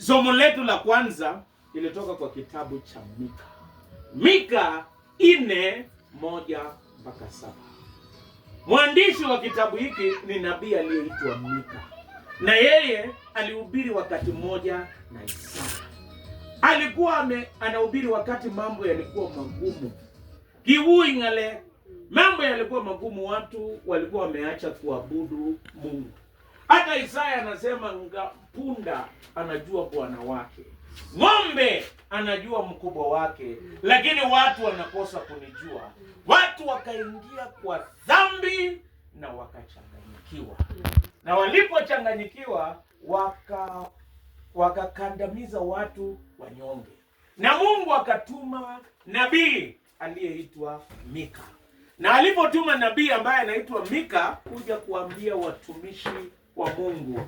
Somo letu la kwanza lilitoka kwa kitabu cha Mika, Mika ine moja mpaka saba. Mwandishi wa kitabu hiki ni nabii aliyeitwa Mika, na yeye alihubiri wakati mmoja na Isaya. Alikuwa ame, anahubiri wakati mambo yalikuwa magumu kiuing'ale, mambo yalikuwa magumu, watu walikuwa wameacha kuabudu Mungu hata Isaya anasema punda anajua bwana wake, ng'ombe anajua mkubwa wake, lakini watu wanakosa kunijua. Watu wakaingia kwa dhambi na wakachanganyikiwa, na walipochanganyikiwa waka wakakandamiza watu wanyonge, na Mungu akatuma nabii aliyeitwa Mika, na alipotuma nabii ambaye anaitwa Mika kuja kuambia watumishi kwa Mungu,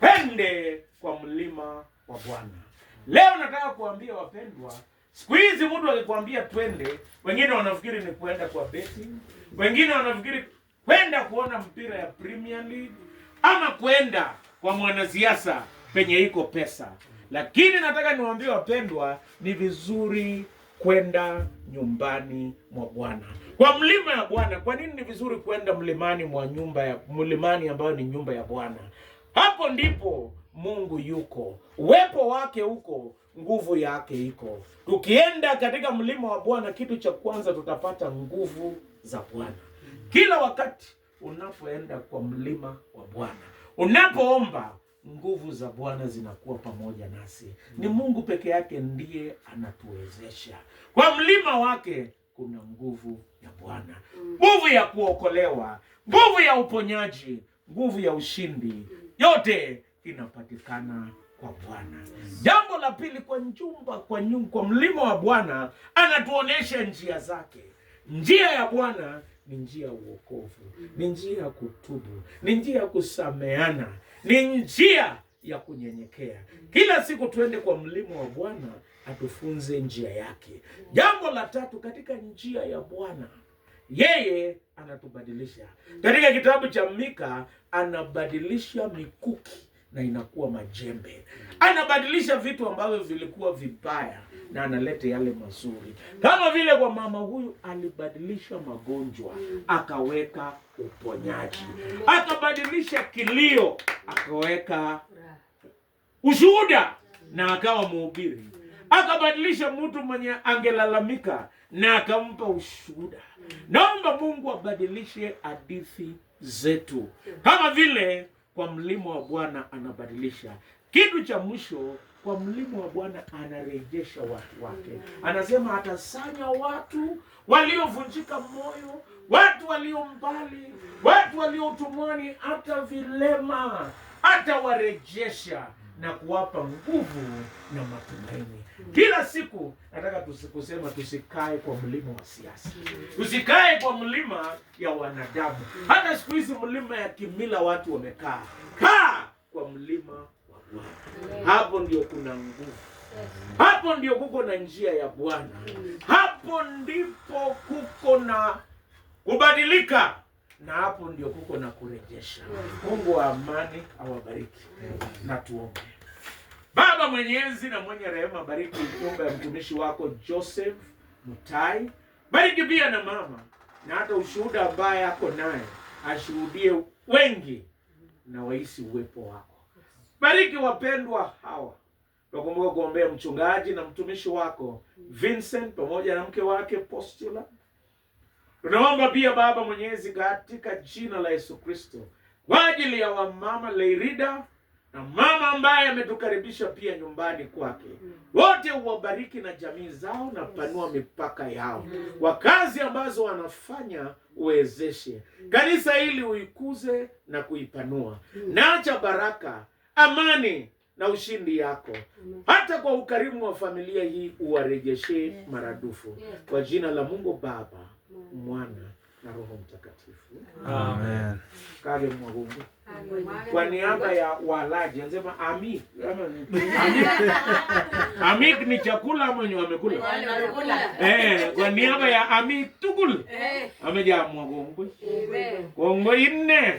pende kwa mlima wa Bwana. Leo nataka kuambia wapendwa, siku hizi mtu akikwambia twende, wengine wanafikiri ni kwenda kwa betting, wengine wanafikiri kwenda kuona mpira ya Premier League ama kwenda kwa mwanasiasa penye iko pesa. Lakini nataka niwaambie wapendwa, ni vizuri kwenda nyumbani mwa Bwana kwa mlima ya Bwana. Kwa nini ni vizuri kuenda mlimani mwa nyumba ya mlimani ambayo ni nyumba ya Bwana? Hapo ndipo Mungu yuko, uwepo wake huko, nguvu yake iko. Tukienda katika mlima wa Bwana, kitu cha kwanza tutapata nguvu za Bwana. Kila wakati unapoenda kwa mlima wa Bwana, unapoomba nguvu za Bwana zinakuwa pamoja nasi. Ni Mungu peke yake ndiye anatuwezesha kwa mlima wake kuna nguvu ya Bwana, mm. nguvu ya kuokolewa, nguvu ya uponyaji, nguvu ya ushindi, mm. yote inapatikana kwa Bwana. Jambo la pili, kwa njumba kwa nyumba, kwa mlima wa Bwana anatuonesha njia zake. Njia ya Bwana ni njia ya uokovu, mm. ni njia ya kutubu, ni njia ya kusameana, ni njia ya kunyenyekea. Kila siku tuende kwa mlima wa Bwana atufunze njia yake. Jambo la tatu, katika njia ya Bwana yeye anatubadilisha. Katika kitabu cha Mika anabadilisha mikuki na inakuwa majembe, anabadilisha vitu ambavyo vilikuwa vibaya na analeta yale mazuri, kama vile kwa mama huyu alibadilisha magonjwa akaweka uponyaji, akabadilisha kilio akaweka ushuhuda na akawa mhubiri akabadilisha mtu mwenye angelalamika na akampa ushuhuda. Naomba Mungu abadilishe hadithi zetu, kama vile kwa mlima wa Bwana anabadilisha. Kitu cha mwisho, kwa mlima wa Bwana anarejesha watu wake. Anasema atasanya watu waliovunjika moyo, watu walio mbali, watu walio utumwani, hata vilema atawarejesha na kuwapa nguvu na matumaini. Kila siku nataka tusikusema, tusikae kwa mlima wa siasa, tusikae kwa mlima ya wanadamu. Hata siku hizi mlima ya kimila watu wamekaa. Kaa kwa mlima wa Bwana, hapo ndio kuna nguvu, hapo ndio kuko na njia ya Bwana, mm. hapo ndipo kuko na kubadilika na hapo ndio kuko na kurejesha. Mungu wa amani awabariki na tuombe. Baba mwenyezi na mwenye rehema, bariki nyumba ya mtumishi wako Joseph Mutai, bariki pia na mama na hata ushuhuda ambaye ako naye ashuhudie wengi na wahisi uwepo wako. Bariki wapendwa hawa, wakumbuka kuombea mchungaji na mtumishi wako Vincent pamoja na mke wake Postula. Tunaomba pia Baba mwenyezi katika jina la Yesu Kristo kwa ajili ya wamama Leirida na mama ambaye ametukaribisha pia nyumbani kwake. Hmm. Wote uwabariki na jamii zao na panua mipaka yao, hmm. kwa kazi ambazo wanafanya uwezeshe hmm. kanisa hili, uikuze na kuipanua. Naacha baraka, amani na ushindi yako hata kwa ukarimu wa familia hii uwarejeshe maradufu, kwa jina la Mungu Baba, Mwana na Roho Mtakatifu, amen. Kale Mwahungu kwa niaba ya walaji anasema ami amik ni chakula mwenye wamekula eh, kwa niaba ya ami tugul eh. amejaamua kongoi kongoi nne.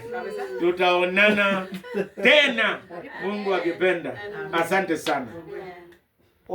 Tutaonana tena Mungu akipenda. Asante sana.